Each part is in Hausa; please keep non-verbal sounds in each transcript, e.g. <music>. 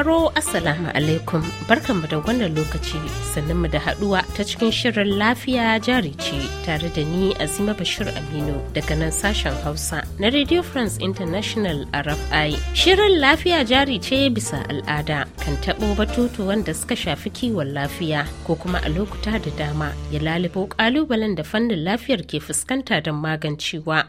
sauraro Assalamu alaikum barkanmu da wannan lokaci sannan mu da haduwa ta cikin shirin lafiya jari ce tare da ni Azima Bashir Aminu daga nan sashen Hausa na Radio France International RFI. Shirin lafiya jari ce bisa al'ada kan taɓo batutu wanda suka shafi kiwon lafiya ko kuma a lokuta da dama ya lalibo kalubalen da fannin lafiyar ke fuskanta don magancewa.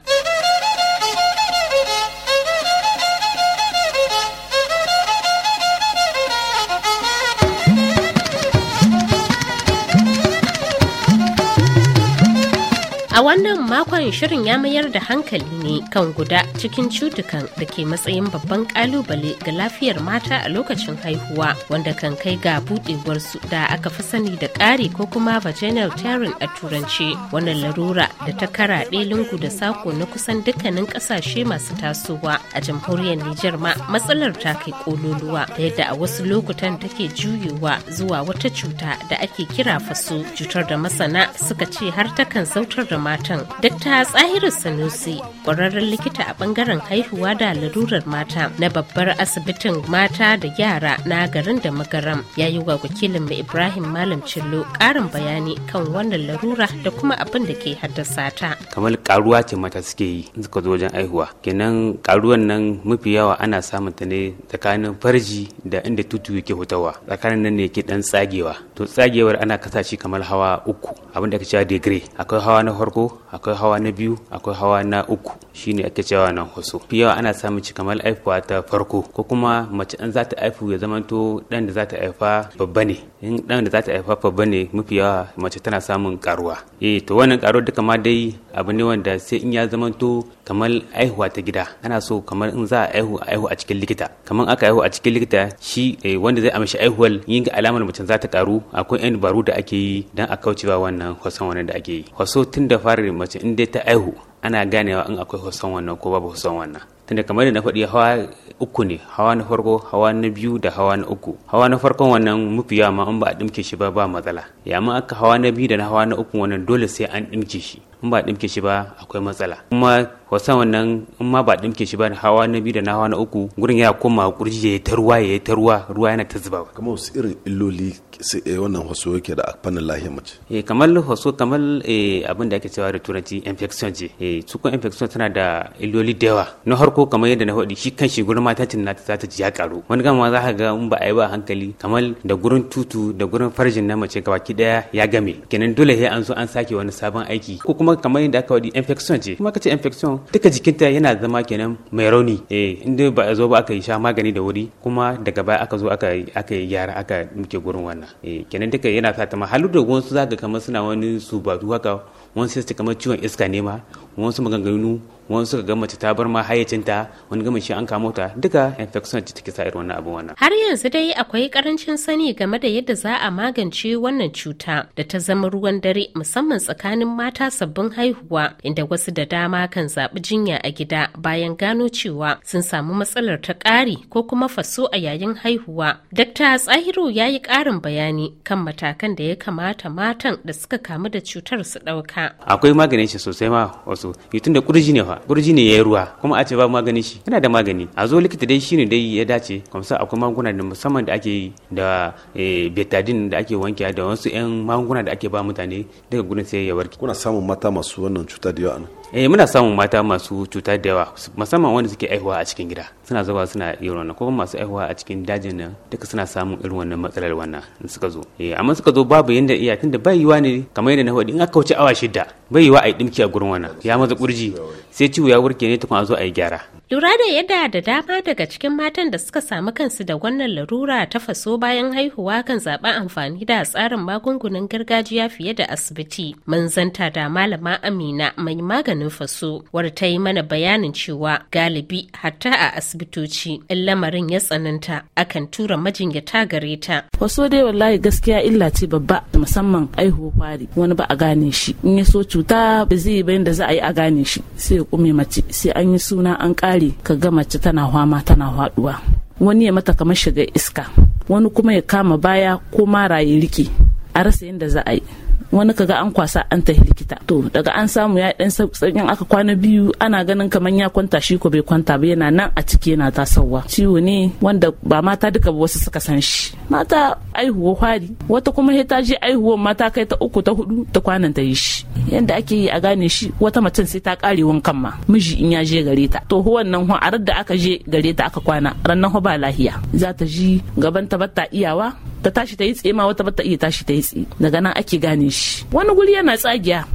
A wannan makon shirin ya mayar da hankali ne kan guda cikin cutukan da ke matsayin babban kalubale ga lafiyar mata a lokacin haihuwa wanda kan kai ga buɗewarsu da aka fi sani da ƙari ko kuma vaginal tearing a turanci wannan larura da ta karaɗe lungu da sako na kusan dukkanin ƙasashe masu tasowa a jamhuriyar Nijar ma matsalar ta kai kololuwa da yadda a wasu lokutan take juyewa zuwa wata cuta da ake kira faso cutar da masana suka ce har takan sautar da matan. ta Tsahiru Sanusi, kwararren likita a bangaren haihuwa da larurar mata na babbar asibitin mata da yara na garin da magaram ya yi wa wakilin mai Ibrahim Malam Cillo karin bayani kan wannan larura da kuma abin da ke haddasa ta. Kamar karuwa ce mata suke yi in suka zo wajen haihuwa. Kenan karuwan nan mafi yawa ana samun ta ne tsakanin farji da inda tutu yake hutawa. Tsakanin nan ne yake dan tsagewa. To tsagewar ana kasa shi kamar hawa uku abin da ka cewa degree. Akwai hawa na farko 하고 akwai hawa na biyu akwai hawa na uku shine ake cewa nan hoso fiye ana ana samun kamar aifuwa ta farko ko kuma mace an za ta aifu ya zamanto dan da za ta aifa babba ne in dan da za ta aifa babba ne mafi yawa mace tana samun karuwa eh to wannan karuwa duka ma dai abu ne wanda sai in ya zamanto kamar aihuwa ta gida ana so kamar in za a aihu a aihu a cikin likita kamar aka aihu a cikin likita shi eh, wanda zai amshi aihuwar yin alamar mace za ta karu akwai yan dabaru da ake yi dan a kaucewa wannan hoson wannan da ake yi hoso tun da fara mace in dai ta aihu ana ganewa in akwai husan wannan ko babu hoson wannan tunda kamar da na faɗi hawa uku ne hawa na farko hawa na biyu da hawa na uku hawa na farkon wannan mafi yawa ma in ba a ɗimke shi ba ba matsala ya aka hawa na biyu da na hawa na uku wannan dole sai an ɗimke shi in ba dimke shi ba akwai matsala kuma wasan wannan in ma ba dimke shi ba hawa na biyu da na hawa na uku gurin ya koma kurji ya ta ruwa ya ta ruwa ruwa yana ta zuba kamar wasu irin illoli eh, wannan wasu yake da fannin lahiyar mace eh kamar wasu kamar eh, abin da ake cewa da turanci infection ce eh su infection tana da illoli da yawa na harko kamar yadda na faɗi shi kan shi gurin mata cin nata za ta ji ya karu wani gama za ka ga in ba a yi ba hankali kamar da gurin tutu da gurin farjin na mace gabaki daya ya game kenan dole sai an zo an sake wani sabon aiki ko kuma kuma kamar yadda aka wadi infection ce kuma kace infection duka jikinta yana zama kenan mai rauni eh inda ba a zo ba aka yi sha magani da wuri kuma daga baya aka zo aka aka yi gyara aka muke gurin wannan eh kenan duka yana sa ta da wasu zaka kamar suna wani subatu haka wani sai kamar ciwon iska ne ma wasu maganganu wasu ga mace ta bar ma hayyacinta wani gama shi an kama ta duka infection ce take sa irin wannan abu wannan har yanzu dai akwai karancin sani game da yadda za a magance wannan cuta da ta zama ruwan dare musamman tsakanin mata sabbin haihuwa inda wasu da dama kan zaɓi jinya a gida bayan gano cewa sun samu matsalar ta ƙari ko kuma faso a yayin haihuwa dakta tsahiru ya yi ƙarin bayani kan matakan da ya kamata matan da suka kamu da cutar su ɗauka akwai maganin shi sosai ma su tun da kurji ne fa kurji ne yi ruwa kuma a ce ba magani shi yana da magani a zo likita dai shine dai ya dace kamsa akwai magunguna da musamman da ake yi da eh, betadin da ake wanke da wasu yan magunguna da ake ba mutane daga gurin sai ya warke kuna samun mata masu wannan cuta da yawa eh muna samun mata masu cuta da yawa musamman wanda suke aihuwa a cikin gida suna zuwa suna yin wannan ko masu aihuwa a cikin dajin nan duka suna samun irin wannan matsalar wannan in suka zo eh amma suka zo babu yanda iya tunda bai yiwa ne kamar yadda na hudu in aka wuce awa shida bai yiwa a yi dimki a gurin wannan ya maza kurji sai ciwo ya warke ne tukun a zo a yi gyara lura da yadda da dama daga cikin matan da suka samu kansu da wannan larura ta faso bayan haihuwa kan zaɓa amfani da tsarin magungunan gargajiya fiye da asibiti mun zanta da malama amina mai maganin faso wadda ta yi mana bayanin cewa galibi hatta a asibitoci in lamarin ya tsananta akan tura majinyata gare ta faso dai wallahi gaskiya illa ce babba musamman aihuwa fari wani ba a gane shi in ya so cuta ba zai bayan da za a yi a gane shi sai ya kume mace sai an yi suna an kare ka ga mace tana hwama tana haduwa wani ya mata kamar shiga iska wani kuma ya kama baya ko mara ya rike a rasa yadda za a yi wani kaga an kwasa an tafi likita to daga an samu ya dan sauƙin aka kwana biyu ana ganin kamar ya kwanta shi ko bai kwanta ba yana nan a ciki yana tasowa ciwo ne wanda ba mata duka ba wasu suka san shi mata aihuwa kwari wata kuma ta je aihuwa mata kai ta uku ta hudu ta kwanan ta yi shi yanda ake yi a gane shi wata mace sai ta kare wankan ma miji in ya je gare ta to wannan a da aka je gare ta aka kwana rannan ba lahiya za ta ji gaban ta batta iyawa ta tashi ta yi tsaye ma wata bata iya tashi ta yi tsaye daga nan ake gane shi wani guri yana tsagiya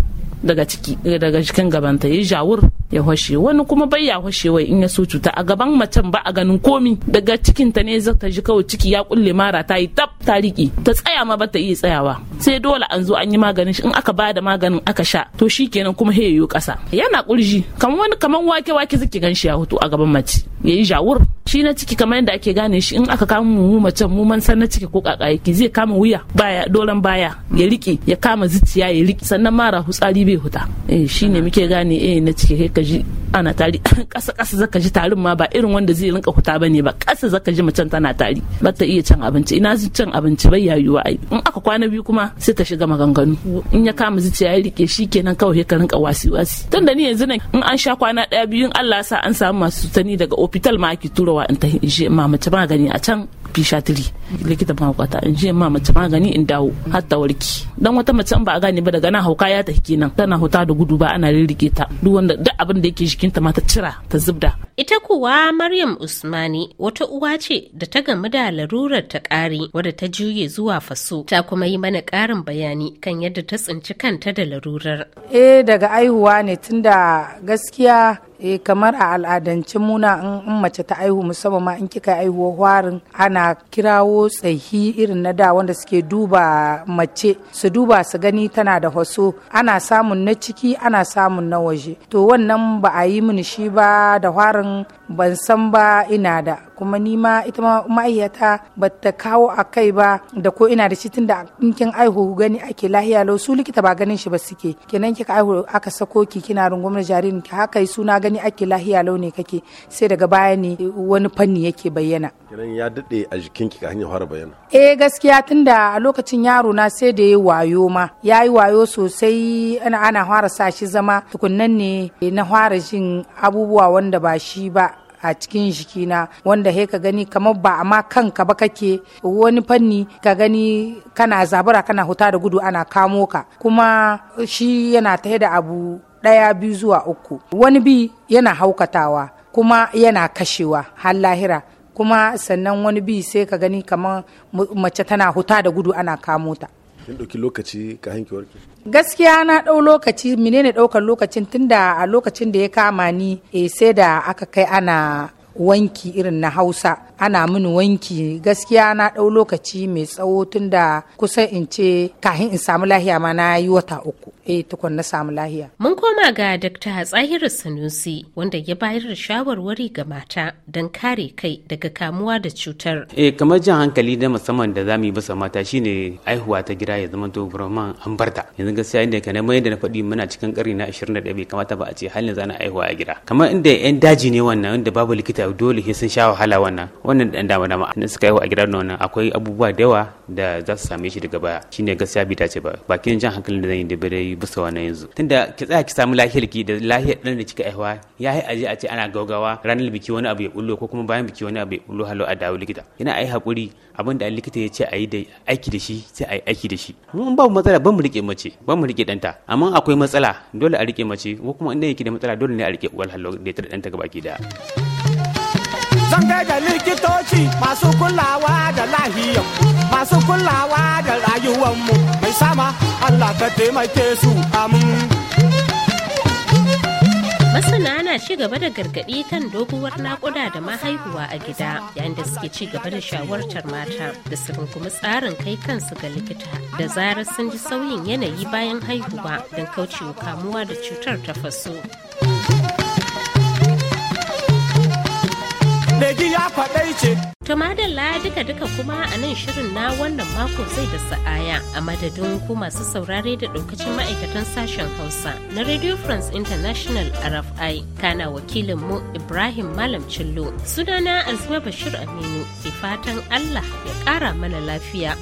daga ciki daga cikin gaban ta yi jawur ya hoshe wani kuma bai ya hoshe wai in ya so cuta a gaban macen ba a ganin komi daga cikin ta ne ta ji kawai ciki ya kulle mara ta yi tab ta riƙe ta tsaya ma bata iya tsayawa sai dole an zo an yi maganin shi in aka ba da maganin aka sha to shi kenan kuma he kasa ƙasa yana kurji kamar wani kamar wake wake suke gan shi ya hutu a gaban mace ya yi jawur shi na ciki kamar yadda ake gane shi in aka kama mu macen mu man san na ciki ko kaka yake zai kama wuya baya doran baya ya rike ya kama zuciya ya rike sannan mara hutsari bai huta eh shine muke gane eh na ciki kai ka ji ana tari kasa <laughs> kasa zaka ji tarin ma ba irin wanda zai rinka kuta ba ne ba kasa zaka ji macen tana tari ba ta iya cin abinci ina zai cin abinci bai yayuwa ai in aka kwana biyu kuma sai ta shiga maganganu in ya kama zuciya ya rike shi kenan kawai ka rinka wasi wasi tun da ni yanzu nan in an sha kwana ɗaya biyu in Allah ya sa an samu masu tani daga opital ma ake turawa in ta je ma mace magani a can pishatiri likita mahaukata in je ma mace magani in dawo har ta warki dan wata mace ba a gane ba daga nan hauka ya tafi kenan tana huta da gudu ba ana rirrike ta duk wanda duk abin da yake jikinta ma ta cira ta zubda Ita kuwa Maryam Usmani wata uwa ce da ta gamu da larurar ta ƙari wadda ta juye zuwa faso ta kuma yi mana ƙarin bayani kan yadda ta tsinci kanta da larurar. Eh daga aihuwa ne tunda gaskiya e kamar a al'adancin muna in mace ta aihu musamman ma in kika aihuwa hwarin ana kirawo tsahi irin na da wanda suke duba mace su duba su gani tana da hoso ana samun na ciki ana samun na waje to wannan ba a yi mini shi ba da hwarin ban san ba ina da kuma ni ma ita ma ma'ayyata ba ta kawo a kai ba da ko ina da shi tunda in kin aihu gani ake lahiya lau su likita ba ganin shi ba suke kenan kika aihu aka sako ki kina rungumar jaririn ki haka suna gani ake lahiya lau ne kake sai daga baya ne wani fanni yake bayyana kenan ya dade a jikin ki ka hanyar fara bayyana eh gaskiya tunda a lokacin yaro na sai da ya wayo ma ya yi wayo sosai ana ana fara sa shi zama tukunnan ne na fara jin abubuwa wanda ba shi ba a cikin jikina wanda he ka gani kamar ba amma kanka ba kake wani fanni ka gani kana zabura kana huta da gudu ana kamo ka kuma shi yana ta da abu ɗaya biyu zuwa uku wani bi yana haukatawa kuma yana kashewa har lahira kuma sannan wani bi sai ka gani kamar mace tana huta da gudu ana kamo ta kin ɗauki lokaci ka hanki warke gaskiya na ɗau lokaci menene ɗaukar lokacin tunda a lokacin da ya kama ni eh sai da aka kai ana wanki irin na hausa ana min wanki gaskiya na ɗau lokaci mai tsawo tunda kusan in ce kahin in samu lahiya ma na yi wata uku eh tukun na samu lahiya. Mun koma ga Dr. Hatsahiru Sanusi wanda ya bayar da shawarwari ga mata don kare kai daga kamuwa da cutar. Eh kamar jan hankali da musamman da zamu yi bisa mata shine aihuwa ta gida ya zama to an barta. Yanzu gaskiya inda kana mai da na faɗi muna cikin ƙari na 21 bai kamata ba a ce halin zana aihuwa a gida. Kamar inda yan daji ne wannan inda babu likita dole sai sun sha wahala wannan. Wannan dan dama dama in suka aihuwa a gida wannan akwai abubuwa da yawa da za su same shi daga baya. Shine gaskiya bi ta ce ba. Bakin jan hankalin da zan yi da bai bisa wani yanzu tunda ki tsaya ki samu lafiyar ki da lafiyar ɗan da kika aihuwa ya yi aje a ce ana gaugawa ranar biki wani abu ya bullo ko kuma bayan biki wani abu ya bullo halo a dawo likita yana ai haƙuri abin da likita ya ce a yi da aiki da shi sai a yi aiki da shi mun babu matsala ban mu rike mace ban mu rike ɗanta amma akwai matsala dole a rike mace ko kuma inda yake da matsala dole ne a rike uwar halo da ita da gaba ke daya zan da likitoci masu kulawa da lahiyar masu kulawa da rayuwanmu mai sama Allah ka taimake su amin. masana na ci gaba da gargaɗi kan doguwar naƙuda da mahaihuwa a gida yayin da suke ci gaba da shawartar mata da su kuma tsarin kai kansu ga likita da zarar sun ji sauyin yanayi bayan haihuwa don kaucewa kamuwa da cutar ta faso. madalla duka-duka kuma a nan shirin na wannan mako zai da sa'aya a madadin ku masu saurare da ɗaukacin ma'aikatan sashen Hausa na Radio France International RFI kana wakilin mu Ibrahim Malam Cillo. Sunana Azuma Bashir Aminu ke fatan Allah ya ƙara mana lafiya.